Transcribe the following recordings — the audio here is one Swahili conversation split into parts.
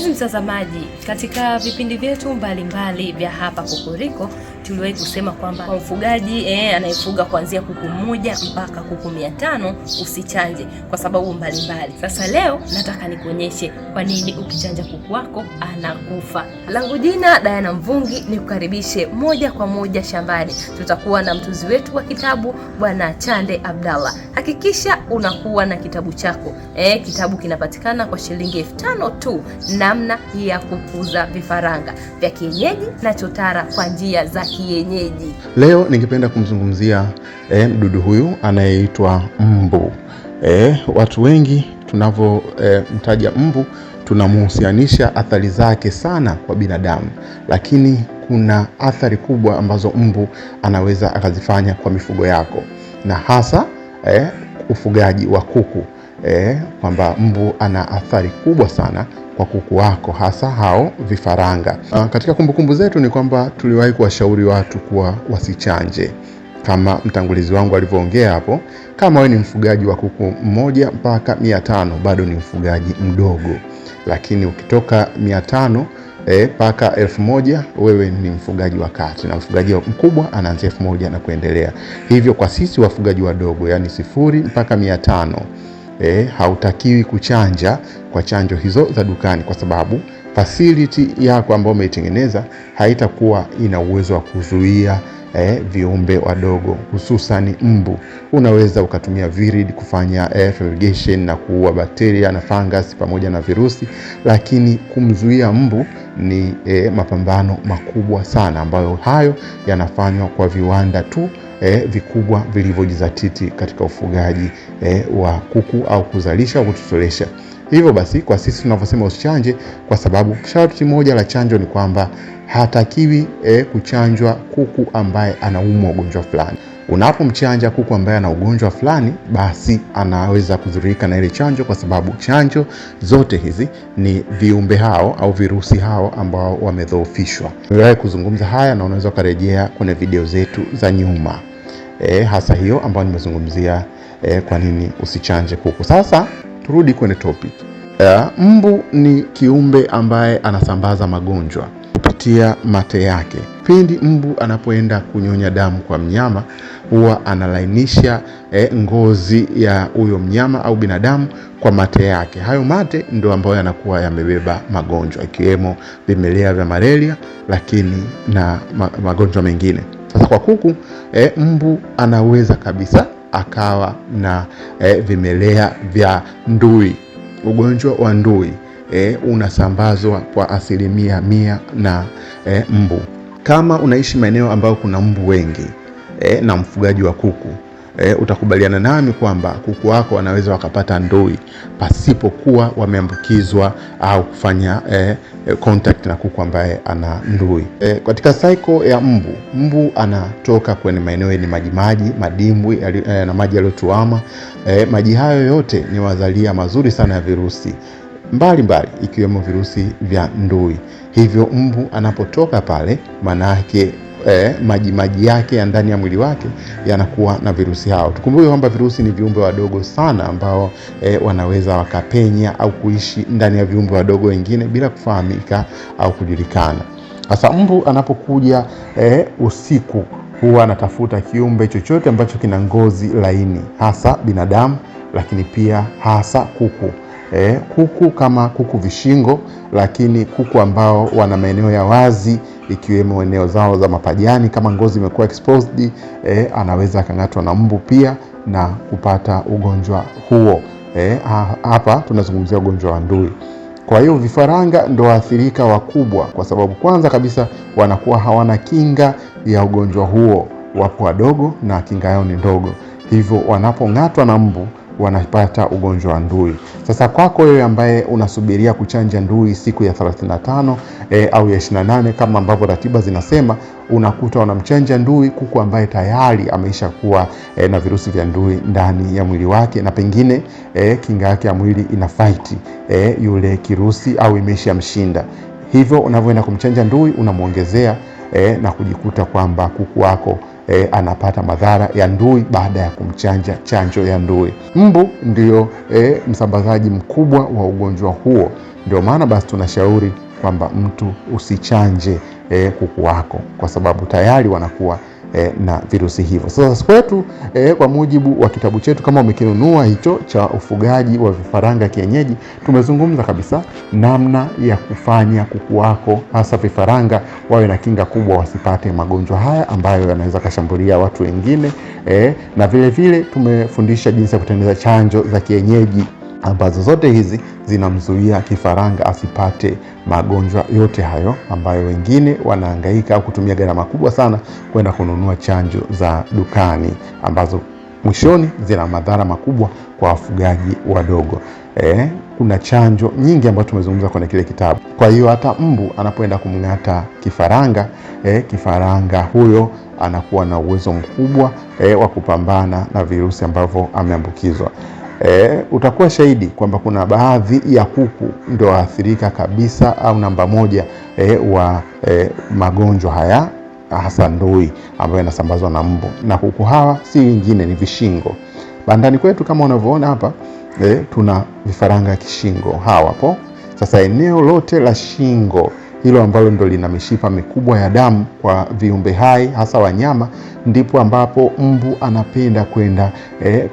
Mpenzi mtazamaji, katika vipindi vyetu mbalimbali vya hapa Kukuriko wakati uliwahi kusema kwamba kwa mfugaji eh, anayefuga kuanzia kuku mmoja mpaka kuku mia tano usichanje kwa sababu mbalimbali. Sasa leo nataka nikuonyeshe kwa nini ukichanja kuku wako anakufa. Langu jina Diana Mvungi, nikukaribishe moja kwa moja shambani. Tutakuwa na mtuzi wetu wa kitabu Bwana Chande Abdallah. Hakikisha unakuwa na kitabu chako eh, kitabu kinapatikana kwa shilingi elfu tano tu, namna ya kukuza vifaranga vya kienyeji na chotara kwa njia za kienyeji. Leo ningependa kumzungumzia eh, mdudu huyu anayeitwa mbu. Eh, watu wengi tunavyomtaja eh, mbu tunamhusianisha athari zake sana kwa binadamu, lakini kuna athari kubwa ambazo mbu anaweza akazifanya kwa mifugo yako na hasa eh, ufugaji wa kuku eh, kwamba mbu ana athari kubwa sana kwa kuku wako hasa hao vifaranga. Uh, katika kumbukumbu zetu ni kwamba tuliwahi kuwashauri watu kuwa wasichanje kama mtangulizi wangu alivyoongea hapo. Kama wewe ni mfugaji wa kuku mmoja mpaka mia tano bado ni mfugaji mdogo, lakini ukitoka mia tano e, mpaka e, elfu moja wewe ni mfugaji wa kati, na mfugaji mkubwa anaanzia elfu moja na kuendelea. Hivyo kwa sisi wafugaji wadogo, yani sifuri mpaka mia tano eh, hautakiwi kuchanja kwa chanjo hizo za dukani kwa sababu fasiliti yako ambayo umeitengeneza haitakuwa ina uwezo wa kuzuia eh, viumbe wadogo hususan mbu. Unaweza ukatumia virid kufanya eh, fertigation na kuua bakteria na fungus pamoja na virusi, lakini kumzuia mbu ni eh, mapambano makubwa sana ambayo hayo yanafanywa kwa viwanda tu eh, vikubwa vilivyojizatiti katika ufugaji eh, wa kuku au kuzalisha au kutotolesha. Hivyo basi, kwa sisi tunavyosema usichanje, kwa sababu sharti moja la chanjo ni kwamba hatakiwi e, kuchanjwa kuku ambaye anaumwa ugonjwa fulani. Unapomchanja kuku ambaye ana ugonjwa fulani, basi anaweza kudhurika na ile chanjo, kwa sababu chanjo zote hizi ni viumbe hao au virusi hao ambao wamedhoofishwa. Niwahi kuzungumza haya na unaweza ukarejea kwenye video zetu za nyuma, e, hasa hiyo ambayo nimezungumzia e, kwa nini usichanje kuku. Sasa turudi kwenye topic. Uh, mbu ni kiumbe ambaye anasambaza magonjwa kupitia mate yake. Pindi mbu anapoenda kunyonya damu kwa mnyama, huwa analainisha eh, ngozi ya huyo mnyama au binadamu kwa mate yake. Hayo mate ndio ambayo yanakuwa yamebeba magonjwa ikiwemo vimelea vya malaria, lakini na magonjwa mengine. Sasa kwa kuku eh, mbu anaweza kabisa akawa na eh, vimelea vya ndui, ugonjwa wa ndui e, unasambazwa kwa asilimia mia na e, mbu. Kama unaishi maeneo ambayo kuna mbu wengi e, na mfugaji wa kuku E, utakubaliana nami kwamba kuku wako wanaweza wakapata ndui pasipokuwa wameambukizwa au kufanya e, contact na kuku ambaye ana ndui. E, katika cycle ya mbu, mbu anatoka kwenye maeneo yenye majimaji, madimbwi e, na maji yaliyotuama. E, maji hayo yote ni wazalia mazuri sana ya virusi mbalimbali ikiwemo virusi vya ndui. Hivyo mbu anapotoka pale, maana yake eh, maji maji yake ya ndani ya mwili wake yanakuwa na virusi hao. Tukumbuke kwamba virusi ni viumbe wadogo sana ambao eh, wanaweza wakapenya au kuishi ndani ya viumbe wadogo wengine bila kufahamika au kujulikana. Sasa mbu anapokuja eh, usiku huwa anatafuta kiumbe chochote ambacho kina ngozi laini, hasa binadamu, lakini pia hasa kuku eh, kuku kama kuku vishingo, lakini kuku ambao wana maeneo ya wazi ikiwemo eneo zao za mapajani kama ngozi imekuwa exposed eh, anaweza akang'atwa na mbu pia na kupata ugonjwa huo. Eh, hapa tunazungumzia ugonjwa wa ndui. Kwa hiyo vifaranga ndo waathirika wakubwa, kwa sababu kwanza kabisa wanakuwa hawana kinga ya ugonjwa huo, wapo wadogo na kinga yao ni ndogo, hivyo wanapong'atwa na mbu wanapata ugonjwa wa ndui. Sasa kwako wewe ambaye unasubiria kuchanja ndui siku ya 35 e, eh, au ya 28 kama ambavyo ratiba zinasema, unakuta wanamchanja ndui kuku ambaye tayari ameisha kuwa e, na virusi vya ndui ndani ya mwili wake na pengine e, kinga yake ya mwili ina fight e, yule kirusi au imeisha mshinda. Hivyo unavyoenda kumchanja ndui unamwongezea e, na kujikuta kwamba kuku wako e, anapata madhara ya ndui baada ya kumchanja chanjo ya ndui. Mbu ndio e, msambazaji mkubwa wa ugonjwa huo, ndio maana basi tunashauri kwamba mtu usichanje e, kuku wako kwa sababu tayari wanakuwa e, na virusi hivyo. Sasa kwetu e, kwa mujibu wa kitabu chetu, kama umekinunua hicho cha ufugaji wa vifaranga kienyeji, tumezungumza kabisa namna ya kufanya kuku wako hasa vifaranga wawe na kinga kubwa, wasipate magonjwa haya ambayo yanaweza kashambulia watu wengine e, na vilevile vile tumefundisha jinsi ya kutengeneza chanjo za kienyeji ambazo zote hizi zinamzuia kifaranga asipate magonjwa yote hayo ambayo wengine wanahangaika au kutumia gharama kubwa sana kwenda kununua chanjo za dukani ambazo mwishoni zina madhara makubwa kwa wafugaji wadogo. Eh, kuna chanjo nyingi ambazo tumezungumza kwenye kile kitabu. Kwa hiyo hata mbu anapoenda kumng'ata kifaranga eh, kifaranga huyo anakuwa na uwezo mkubwa eh, wa kupambana na virusi ambavyo ameambukizwa e, utakuwa shahidi kwamba kuna baadhi ya kuku ndio waathirika kabisa au namba moja e, wa e, magonjwa haya hasa ndui ambayo inasambazwa na mbu, na kuku hawa si wengine, ni vishingo. Bandani kwetu kama unavyoona hapa e, tuna vifaranga kishingo hawapo. Sasa eneo lote la shingo hilo ambalo ndo lina mishipa mikubwa ya damu kwa viumbe hai hasa wanyama, ndipo ambapo mbu anapenda kwenda eh,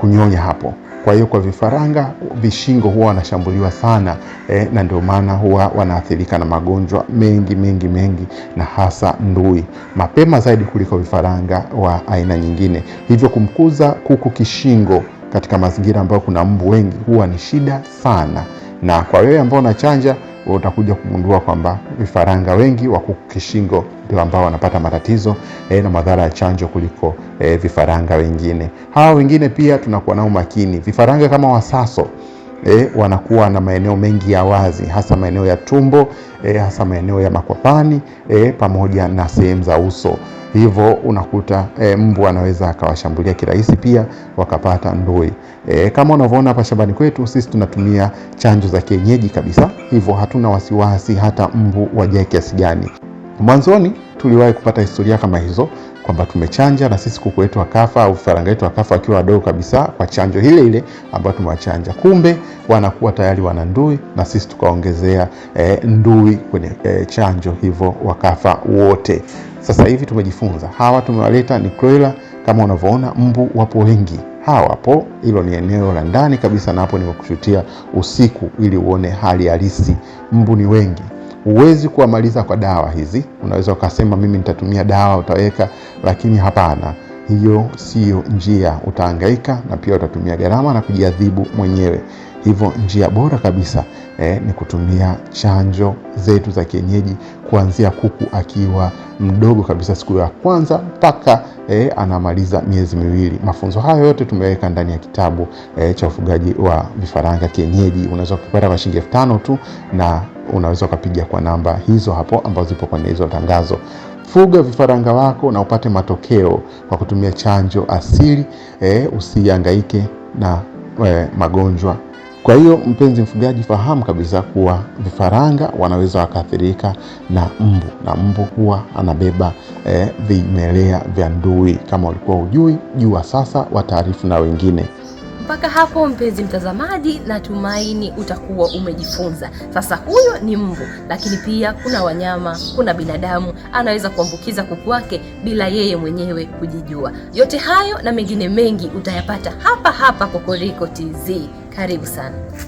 kunyonya hapo. Kwa hiyo kwa vifaranga vishingo huwa wanashambuliwa sana eh, na ndio maana huwa wanaathirika na magonjwa mengi mengi mengi, na hasa ndui mapema zaidi kuliko vifaranga wa aina nyingine. Hivyo kumkuza kuku kishingo katika mazingira ambayo kuna mbu wengi huwa ni shida sana, na kwa wewe ambao unachanja utakuja kugundua kwamba vifaranga wengi wa kuku kishingo ndio ambao wanapata matatizo eh, na madhara ya chanjo kuliko eh, vifaranga wengine. Hawa wengine pia tunakuwa nao makini. Vifaranga kama wasaso E, wanakuwa na maeneo mengi ya wazi hasa maeneo ya tumbo e, hasa maeneo ya makwapani e, pamoja na sehemu za uso. Hivyo unakuta e, mbu anaweza akawashambulia kirahisi, pia wakapata ndui e, kama unavyoona hapa shambani kwetu sisi tunatumia chanjo za kienyeji kabisa, hivyo hatuna wasiwasi hata mbu wajae kiasi gani. Mwanzoni tuliwahi kupata historia kama hizo kwamba tumechanja na sisi kuku wetu wakafa au faranga wetu wakafa wakiwa wadogo kabisa kwa chanjo ile ile ambayo tumewachanja. Kumbe wanakuwa tayari wana ndui na sisi tukaongezea e, ndui kwenye e, chanjo, hivyo wakafa wote. Sasa hivi tumejifunza, hawa tumewaleta ni broiler. Kama unavyoona mbu wapo wengi hawa hapo. Hilo ni eneo la ndani kabisa, na hapo nimekushutia usiku ili uone hali halisi. Mbu ni wengi huwezi kuwamaliza kwa dawa hizi. Unaweza ukasema mimi nitatumia dawa utaweka, lakini hapana, hiyo siyo njia. utaangaika na pia utatumia gharama na kujiadhibu mwenyewe. Hivyo njia bora kabisa eh, ni kutumia chanjo zetu za kienyeji kuanzia kuku akiwa mdogo kabisa siku ya kwanza mpaka eh, anamaliza miezi miwili. Mafunzo hayo yote tumeweka ndani ya kitabu eh, cha ufugaji wa vifaranga kienyeji. Unaweza kupata kwa shilingi elfu tano tu na unaweza ukapiga kwa namba hizo hapo ambazo zipo kwenye hizo tangazo. Fuga vifaranga wako na upate matokeo kwa kutumia chanjo asili eh, usihangaike na eh, magonjwa. Kwa hiyo mpenzi mfugaji, fahamu kabisa kuwa vifaranga wanaweza wakaathirika na mbu, na mbu huwa anabeba eh, vimelea vya ndui. Kama ulikuwa hujui, jua sasa, wataarifu na wengine. Mpaka hapo mpenzi mtazamaji, natumaini utakuwa umejifunza. Sasa huyo ni mbu, lakini pia kuna wanyama, kuna binadamu anaweza kuambukiza kuku wake bila yeye mwenyewe kujijua. Yote hayo na mengine mengi utayapata hapa hapa Kokoriko TZ. Karibu sana.